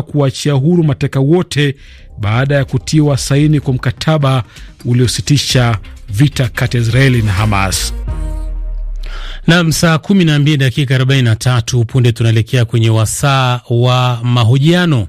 kuachia huru mateka wote baada ya kutiwa saini kwa mkataba uliositisha vita kati ya Israeli na Hamas. Nam, saa kumi na mbili dakika arobaini na tatu punde tunaelekea kwenye wasaa wa mahojiano.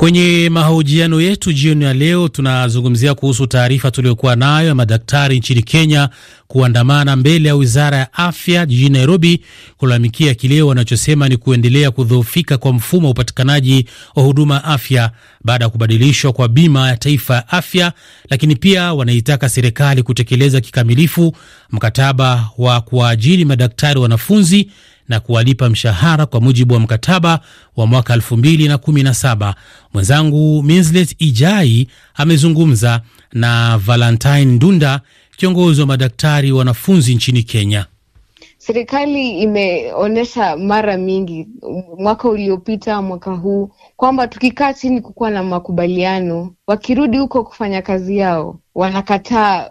Kwenye mahojiano yetu jioni ya leo tunazungumzia kuhusu taarifa tuliyokuwa nayo ya madaktari nchini Kenya kuandamana mbele ya wizara ya afya jijini Nairobi kulalamikia kile wanachosema ni kuendelea kudhoofika kwa mfumo wa upatikanaji wa huduma ya afya baada ya kubadilishwa kwa bima ya taifa ya afya, lakini pia wanaitaka serikali kutekeleza kikamilifu mkataba wa kuwaajiri madaktari wanafunzi na kuwalipa mshahara kwa mujibu wa mkataba wa mwaka 2017. Mwenzangu Minslet Ijai amezungumza na Valentine Dunda, kiongozi wa madaktari wanafunzi nchini Kenya. Serikali imeonyesha mara mingi mwaka uliopita, mwaka huu, kwamba tukikaa chini kukuwa na makubaliano, wakirudi huko kufanya kazi yao wanakataa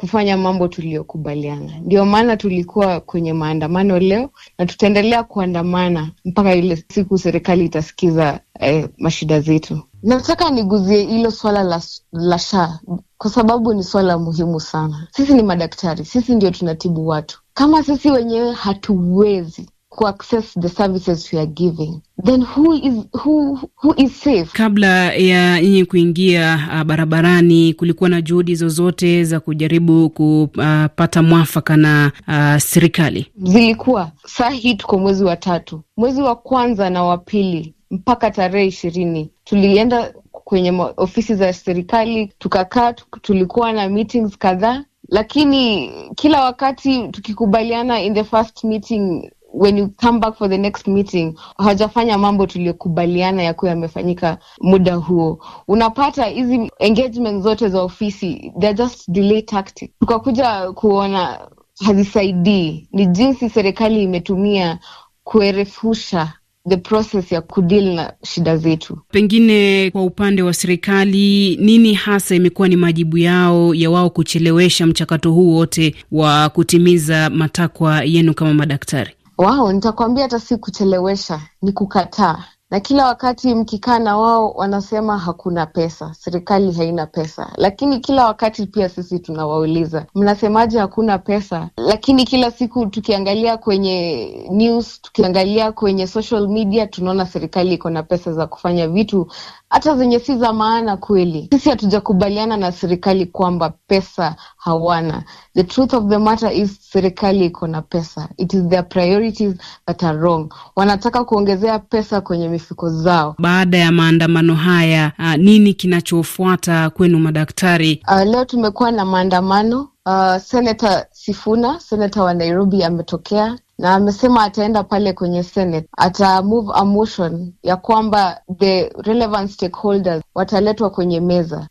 kufanya mambo tuliyokubaliana. Ndio maana tulikuwa kwenye maandamano leo na tutaendelea kuandamana mpaka ile siku serikali itasikiza eh, mashida zetu. Nataka niguzie hilo swala la, la SHA kwa sababu ni swala muhimu sana. Sisi ni madaktari, sisi ndio tunatibu watu. Kama sisi wenyewe hatuwezi kuaccess the services we are giving then who is, who, who is safe. Kabla ya nyinyi kuingia uh, barabarani, kulikuwa na juhudi zozote za kujaribu kupata mwafaka na uh, serikali? Zilikuwa. Saa hii tuko mwezi wa tatu, mwezi wa kwanza na wa pili mpaka tarehe ishirini tulienda kwenye ofisi za serikali tukakaa, tulikuwa na meetings kadhaa, lakini kila wakati tukikubaliana in the first meeting when you come back for the next meeting hawajafanya mambo tuliyokubaliana yakuwa yamefanyika muda huo. Unapata hizi engagement zote za ofisi they're just delay tactic, tukakuja kuona hazisaidii. Ni jinsi serikali imetumia kuerefusha the process ya kudeal na shida zetu. Pengine kwa upande wa serikali, nini hasa imekuwa ni majibu yao ya wao kuchelewesha mchakato huu wote wa kutimiza matakwa yenu kama madaktari? wao nitakwambia hata si kuchelewesha ni kukataa na kila wakati mkikaa na wao wanasema hakuna pesa, serikali haina pesa. Lakini kila wakati pia sisi tunawauliza mnasemaje hakuna pesa? Lakini kila siku tukiangalia kwenye news, tukiangalia kwenye social media, tunaona serikali iko na pesa za kufanya vitu hata zenye si za maana kweli. Sisi hatujakubaliana na serikali kwamba pesa hawana. The truth of the matter is serikali iko na pesa, it is their priorities that are wrong. Wanataka kuongezea pesa kwenye mifuko zao. Baada ya maandamano haya, uh, nini kinachofuata kwenu madaktari? Uh, leo tumekuwa na maandamano uh, Senata Sifuna, senata wa Nairobi, ametokea na amesema ataenda pale kwenye Senate, ata move a motion ya kwamba the relevant stakeholders wataletwa kwenye meza.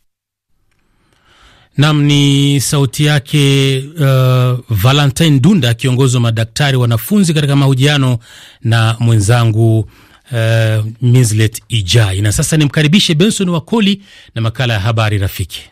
Nam ni sauti yake uh, Valentine Dunda, kiongozi wa madaktari wanafunzi, katika mahojiano na mwenzangu uh, Minslet Ijai. Na sasa nimkaribishe Benson Wakoli na makala ya habari rafiki.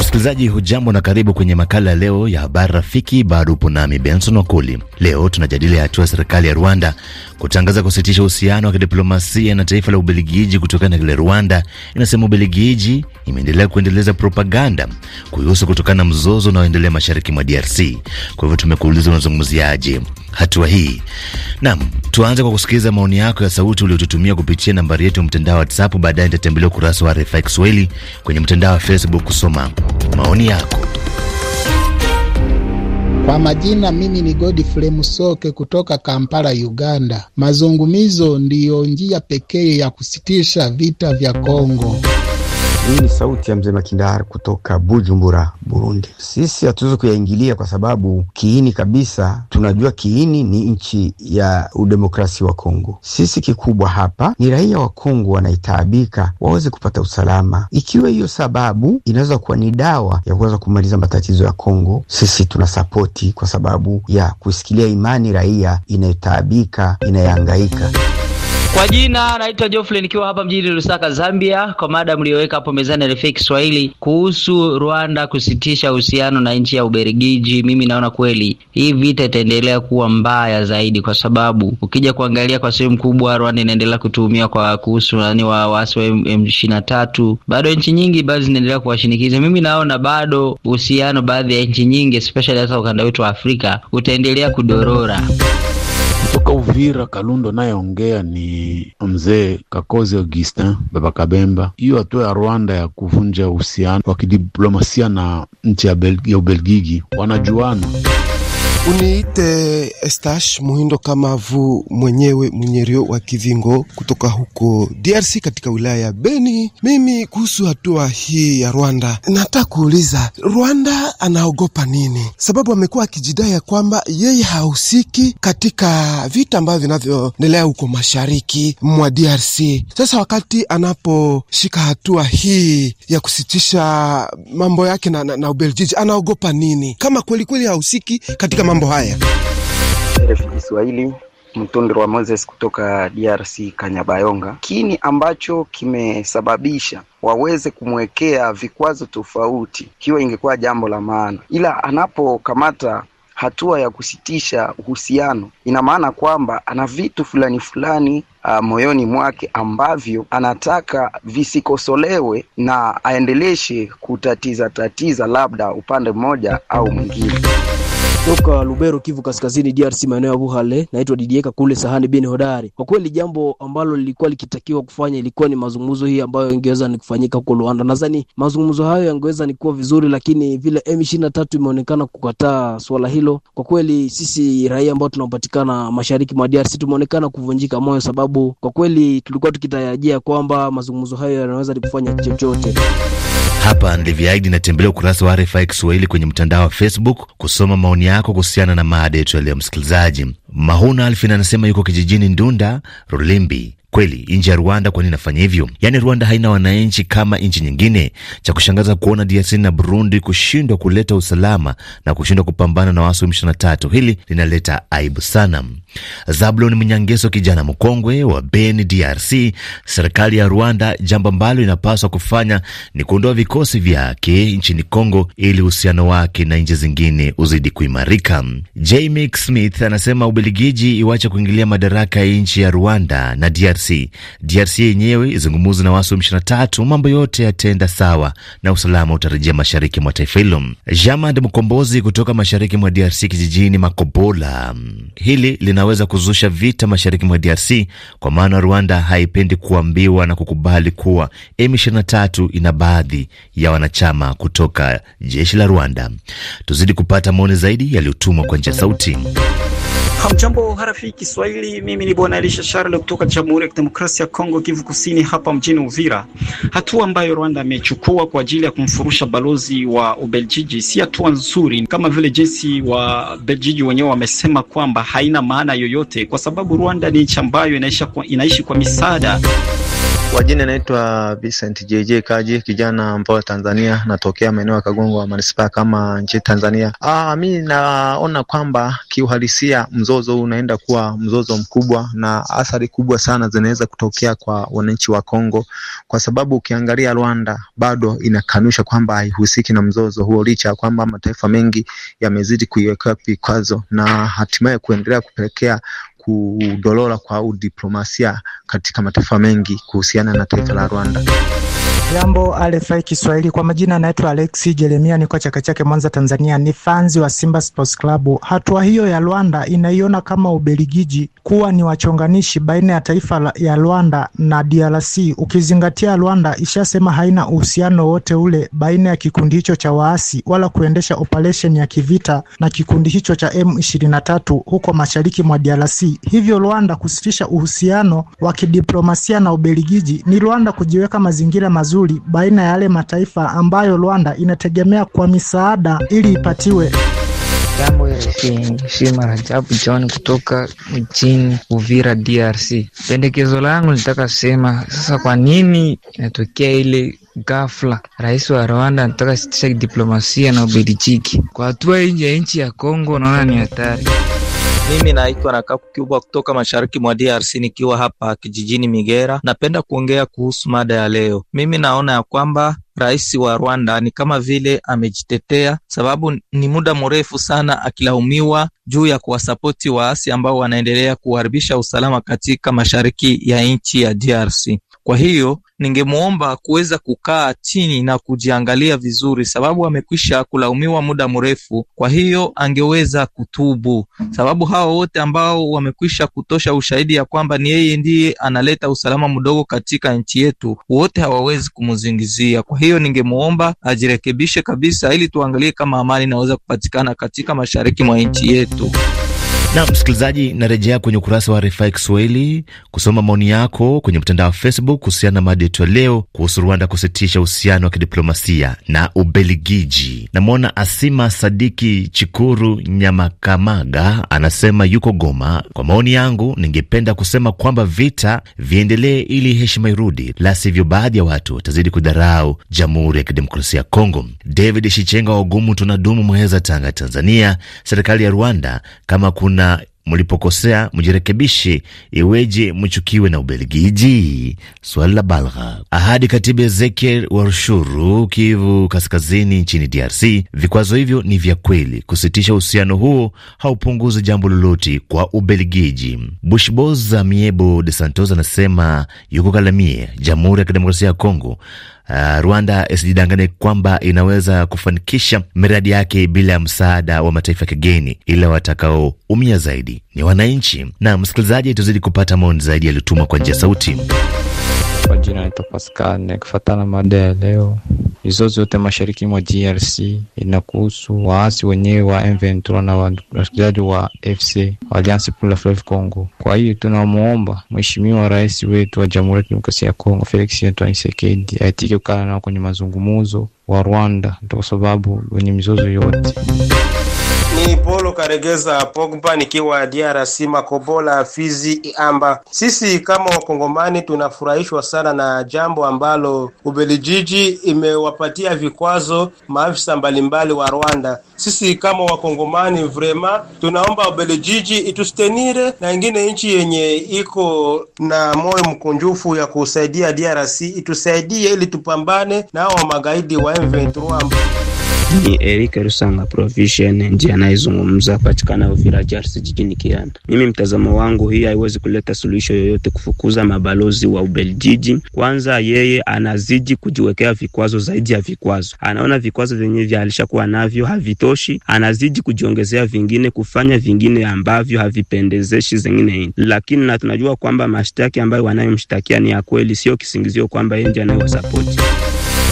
Msikilizaji hujambo na karibu kwenye makala leo ya habari rafiki. Bado upo nami Benson Wakoli. Leo tunajadili hatua ya serikali ya Rwanda kutangaza kusitisha uhusiano wa kidiplomasia na taifa la Ubelgiji kutokana na kile Rwanda inasema Ubelgiji imeendelea kuendeleza propaganda kuhusu kutokana na mzozo unaoendelea mashariki mwa DRC. Kwa hivyo tumekuuliza unazungumziaje hatua hii. nam tuanze kwa kusikiliza maoni yako ya sauti uliotutumia kupitia nambari yetu ya mtandao wa WhatsApp. Baadaye nitatembelea ukurasa wa RFI Kiswahili kwenye mtandao wa Facebook kusoma maoni yako. Kwa majina mimi ni Godfrey Musoke kutoka Kampala, Uganda. mazungumizo ndiyo njia pekee ya kusitisha vita vya Kongo. Hii ni sauti ya mzee Makindar kutoka Bujumbura, Burundi. Sisi hatuwezi kuyaingilia kwa sababu kiini kabisa tunajua kiini ni nchi ya udemokrasi wa Kongo. Sisi kikubwa hapa ni raia wa Kongo wanaitaabika waweze kupata usalama. Ikiwa hiyo sababu inaweza kuwa ni dawa ya kuweza kumaliza matatizo ya Kongo, sisi tuna sapoti kwa sababu ya kusikilia imani raia inayotaabika inayoangaika kwa jina naitwa Geoffrey nikiwa hapa mjini Lusaka, Zambia, kwa mada mliyoweka hapo mezani RFI Kiswahili kuhusu Rwanda kusitisha uhusiano na nchi ya Ubelgiji. Mimi naona kweli hii vita itaendelea kuwa mbaya zaidi, kwa sababu ukija kuangalia kwa sehemu kubwa Rwanda inaendelea kutuhumiwa kwa kuhusu nani wa waasi wa M23. Bado nchi nyingi bado zinaendelea kuwashinikiza. Mimi naona bado uhusiano baadhi ya nchi nyingi especially hasa ukanda wetu wa Afrika utaendelea kudorora. Uvira, Kalundo nayeongea ni mzee Kakozi Augustin Baba Kabemba. Hiyo hatua ya Rwanda ya kuvunja uhusiano wa kidiplomasia na nchi ya, ya Ubelgiji wanajuana Uniite Estash Muhindo kama vu mwenyewe mwenyerio wa Kivingo kutoka huko DRC katika wilaya ya Beni. Mimi kuhusu hatua hii ya Rwanda, nataka kuuliza Rwanda anaogopa nini? Sababu amekuwa akijidai ya kwamba yeye hahusiki katika vita ambavyo vinavyoendelea huko mashariki mwa DRC. Sasa wakati anaposhika hatua hii ya kusitisha mambo yake na, na, na Ubeljiji, anaogopa nini kama kwelikweli hahusiki katika mambo mambo haya. Kiswahili, Mtundiro wa Moses kutoka DRC Kanyabayonga. Kini ambacho kimesababisha waweze kumwekea vikwazo tofauti, ikiwa ingekuwa jambo la maana, ila anapokamata hatua ya kusitisha uhusiano, ina maana kwamba ana vitu fulani fulani Uh, moyoni mwake ambavyo anataka visikosolewe na aendeleshe kutatiza tatiza labda upande mmoja au mwingine kutoka Lubero, Kivu Kaskazini, DRC, maeneo ya Buhale, naitwa Didieka kule sahani bin hodari. Kwa kweli jambo ambalo lilikuwa likitakiwa kufanya ilikuwa ni mazungumzo hii ambayo ingeweza ni kufanyika huko Luanda. Nadhani mazungumzo hayo yangeweza ni kuwa vizuri, lakini vile M23 imeonekana kukataa swala hilo. Kwa kweli sisi raia ambao tunapatikana mashariki mwa DRC tumeonekana kuvunjika moyo, sababu kwa kweli tulikuwa tukitarajia kwamba mazungumzo hayo yanaweza kufanya chochote. Hapa ndivyo aidi natembelea ukurasa wa RFI Kiswahili kwenye mtandao wa Facebook kusoma maoni yako kuhusiana na mada yetu yaliyo msikilizaji. Mahuna Alfin anasema yuko kijijini Ndunda, Rulimbi. Kweli nchi ya Rwanda, kwa nini inafanya hivyo? Yaani Rwanda haina wananchi kama nchi nyingine. Cha kushangaza kuona DRC na Burundi kushindwa kuleta usalama na kushindwa kupambana na waasi wa M23. Hili linaleta aibu sana. Zablon Mnyangeso, kijana mkongwe wa Beni, DRC. Serikali ya Rwanda, jambo ambalo inapaswa kufanya ni kuondoa vikosi vyake nchini Kongo ili uhusiano wake na nchi zingine uzidi kuimarika. Jamik Smith anasema Ubelgiji iwache kuingilia madaraka ya nchi ya Rwanda na DRC. DRC yenyewe izungumuzi na wasu 23 mambo yote yataenda sawa na usalama utarejea mashariki mwa taifa hilo. Jamand Mkombozi kutoka mashariki mwa DRC, kijijini Makobola, hili lina inaweza kuzusha vita mashariki mwa DRC kwa maana Rwanda haipendi kuambiwa na kukubali kuwa M23 ina baadhi ya wanachama kutoka jeshi la Rwanda. Tuzidi kupata maoni zaidi yaliyotumwa kwa njia sauti. Hamjambo harafiki Kiswahili, mimi ni bwana Elisha Charles kutoka Jamhuri ya Kidemokrasia ya Kongo, Kivu Kusini, hapa mjini Uvira. Hatua ambayo Rwanda amechukua kwa ajili ya kumfurusha balozi wa Ubeljiji si hatua nzuri, kama vile jinsi wa Beljiji wenyewe wamesema kwamba haina maana yoyote, kwa sababu Rwanda ni nchi ambayo inaishi kwa misaada kwa jina naitwa Vincent JJ Kaji, kijana ambayo Tanzania, natokea maeneo ya Kagongo wa manispaa kama nchini Tanzania. Ah, mi naona kwamba kiuhalisia mzozo huu unaenda kuwa mzozo mkubwa na athari kubwa sana zinaweza kutokea kwa wananchi wa Kongo, kwa sababu ukiangalia Rwanda bado inakanusha kwamba haihusiki na mzozo huo, licha ya kwamba mataifa mengi yamezidi kuiwekea vikwazo na hatimaye kuendelea kupelekea kudorora kwa udiplomasia katika mataifa mengi kuhusiana na taifa la Rwanda. Jambo RFI Kiswahili, kwa majina anaitwa Alexi Jeremia, niko Chake Chake, Mwanza, Tanzania. Ni fanzi wa Simba Sports Club. Hatua hiyo ya Rwanda inaiona kama Ubelgiji kuwa ni wachonganishi baina ya taifa ya Rwanda na DRC, ukizingatia Rwanda ishasema haina uhusiano wote ule baina ya kikundi hicho cha waasi wala kuendesha operesheni ya kivita na kikundi hicho cha M23 huko mashariki mwa DRC. Hivyo Rwanda kusitisha uhusiano wa kidiplomasia na Ubelgiji ni Rwanda kujiweka mazingira mazuri vizuri baina ya yale mataifa ambayo Rwanda inategemea kwa misaada ili ipatiwe. Jambo si Marajabu John kutoka mjini Uvira, DRC. Pendekezo langu nitaka sema sasa, kwa nini inatokea ile ghafla rais wa Rwanda anataka sitisha diplomasia na Ubelgiji? Kwa hatua nje ya nchi ya Kongo, naona ni hatari. Mimi naitwa na Kapu Kubwa kutoka mashariki mwa DRC nikiwa hapa kijijini Migera. Napenda kuongea kuhusu mada ya leo. Mimi naona ya kwamba rais wa Rwanda ni kama vile amejitetea, sababu ni muda mrefu sana akilaumiwa juu ya kuwasapoti waasi ambao wanaendelea kuharibisha usalama katika mashariki ya nchi ya DRC. Kwa hiyo ningemwomba kuweza kukaa chini na kujiangalia vizuri, sababu amekwisha kulaumiwa muda mrefu. Kwa hiyo angeweza kutubu, sababu hao wote ambao wamekwisha kutosha ushahidi ya kwamba ni yeye ndiye analeta usalama mdogo katika nchi yetu, wote hawawezi kumzingizia. Kwa hiyo ningemwomba ajirekebishe kabisa, ili tuangalie kama amani inaweza kupatikana katika mashariki mwa nchi yetu. Na msikilizaji, narejea kwenye ukurasa wa RFI Kiswahili kusoma maoni yako kwenye mtandao wa Facebook kuhusiana na mada yetu ya leo kuhusu Rwanda kusitisha uhusiano wa kidiplomasia na Ubelgiji. Namwona Asima Sadiki Chikuru Nyamakamaga anasema yuko Goma. Kwa maoni yangu, ningependa kusema kwamba vita viendelee ili heshima irudi, la sivyo baadhi ya watu watazidi kudharau Jamhuri ya Kidemokrasia ya Kongo. David Shichenga wa Ugumu, tunadumu Muheza, Tanga, Tanzania. Serikali ya Rwanda kama kuna na mlipokosea mjirekebishe, iweje mchukiwe na Ubelgiji? Swali la balgha. Ahadi katibu Ezekiel rushuru Kivu Kaskazini nchini DRC. Vikwazo hivyo ni vya kweli, kusitisha uhusiano huo haupunguzi jambo lolote kwa Ubelgiji. Bushboza Miebo de Santos anasema yuko Kalamie, Jamhuri ya Kidemokrasia ya Kongo uh, Rwanda isijidanganye kwamba inaweza kufanikisha miradi yake bila ya msaada wa mataifa ya kigeni, ila watakaoumia zaidi ni wananchi. Na msikilizaji, tuzidi kupata maoni zaidi yaliyotumwa kwa njia sauti. Kwa jina naitwa Pascal, kufuatana mada ya leo, mizozo yote mashariki mwa DRC inakuhusu waasi wenyewe wa M23 na wasikilizaji wa FC Alliance pour la Fleuve Congo. Kwa hiyo tunamwomba Mheshimiwa Rais wetu wa Jamhuri ya Kidemokrasia ya Kongo Felix Antoine Tshisekedi aitike kukala nao kwenye mazungumzo wa Rwanda, kwa sababu wenye mizozo yote ni Polo Karegeza Pogba nikiwa DRC Makobola Fizi Amba. Sisi kama Wakongomani tunafurahishwa sana na jambo ambalo Ubelijiji imewapatia vikwazo maafisa mbalimbali wa Rwanda. Sisi kama Wakongomani vrema tunaomba Ubelijiji itustenire na ingine nchi yenye iko na moyo mkunjufu ya kusaidia DRC itusaidie ili tupambane na awa magaidi wa M23. Ni Eric Rusanga Provision ndiye anayezungumza patikana Uvira Jars jijini Kianda. Mimi mtazamo wangu, hii haiwezi kuleta suluhisho yoyote kufukuza mabalozi wa Ubeljiji. Kwanza yeye anazidi kujiwekea vikwazo zaidi ya vikwazo, anaona vikwazo vyenye vya alishakuwa navyo havitoshi, anazidi kujiongezea vingine, kufanya vingine ambavyo havipendezeshi zingine ini Lakini na tunajua kwamba mashtaki ambayo wanayomshtakia ni ya kweli, sio kisingizio kwamba yeye ndiye anayewasapoti.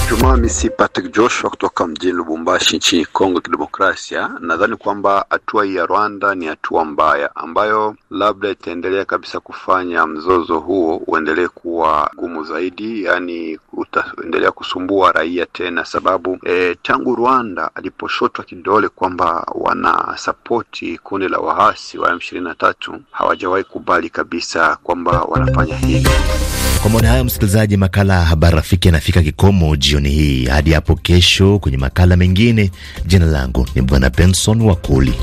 Juma Misi Patrick Joshua kutoka mjini Lubumbashi nchini Kongo Kidemokrasia. Nadhani kwamba hatua ya Rwanda ni hatua mbaya ambayo labda itaendelea kabisa kufanya mzozo huo uendelee kuwa gumu zaidi, yaani utaendelea kusumbua raia tena, sababu e, tangu Rwanda aliposhotwa kidole kwamba wanasapoti kundi la waasi wa M na tatu hawajawahi kubali kabisa kwamba wanafanya hivyo kwa maoni hayo, msikilizaji, makala ya habari rafiki yanafika kikomo jioni hii. Hadi hapo kesho kwenye makala mengine, jina langu ni Bwana Benson wakuli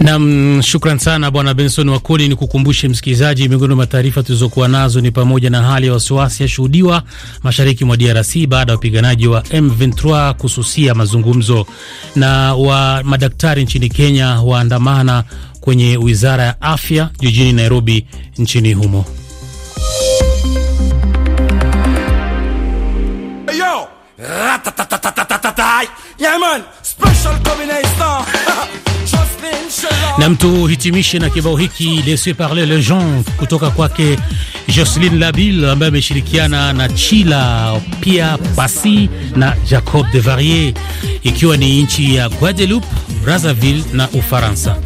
Nam, shukran sana Bwana Benson Wakoli. Ni kukumbushe msikilizaji, miongoni mwa taarifa tulizokuwa nazo ni pamoja na hali ya wasiwasi yashuhudiwa mashariki mwa DRC baada ya wapiganaji wa M23 kususia mazungumzo, na wa madaktari nchini Kenya waandamana kwenye wizara ya afya jijini Nairobi nchini humo. Yo! namtu qui na kibao hiki Laissez parler les gens kutoka kwake Jocelyn Labille ambaye ameshirikiana na Chila pia Pasi na Jacob de Varier, ikiwa ni nchi ya Guadeloupe, Brazzaville na Ufaransa.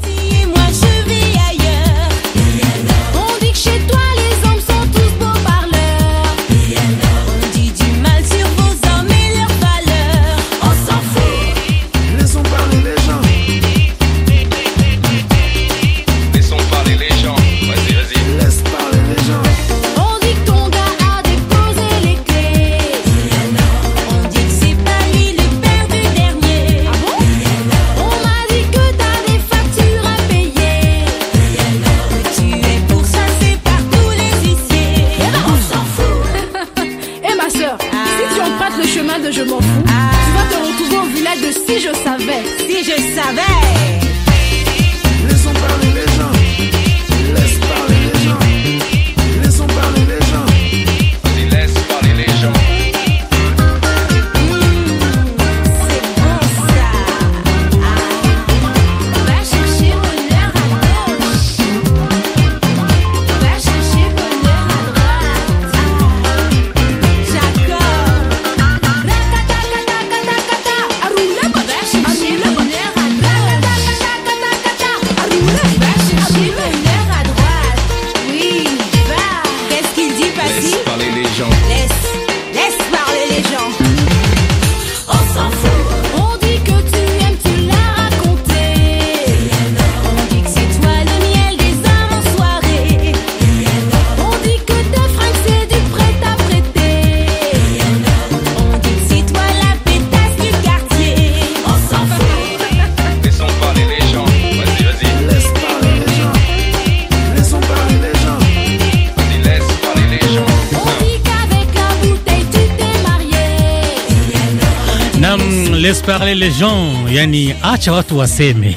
laisse parler les gens, yani acha watu waseme.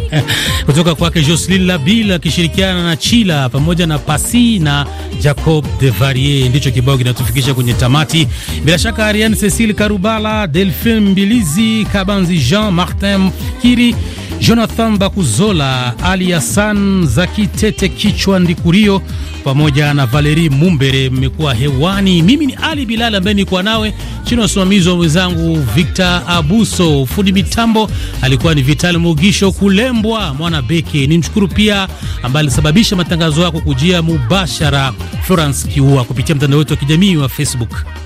Kutoka kwake Jocelyn Labille akishirikiana na Chila pamoja na Pasi na Jacob de Varier, ndicho kibao kinatufikisha kwenye tamati. Bila shaka Ariane Cecile Karubala, Delphine Mbilizi, Kabanzi Jean Martin Kiri, Jonathan Bakuzola, Ali Hassan Zakitete, Kichwa Ndikurio pamoja na Valeri Mumbere mmekuwa hewani. Mimi ni Ali Bilal ambaye nikuwa nawe chini ya usimamizi wa mwenzangu Victor Abu Abuso, fundi mitambo alikuwa ni Vital Mugisho Kulembwa mwana beki. Ni mshukuru pia ambaye alisababisha matangazo yako kujia mubashara, Florence Kiua, kupitia mtandao wetu wa kijamii wa Facebook.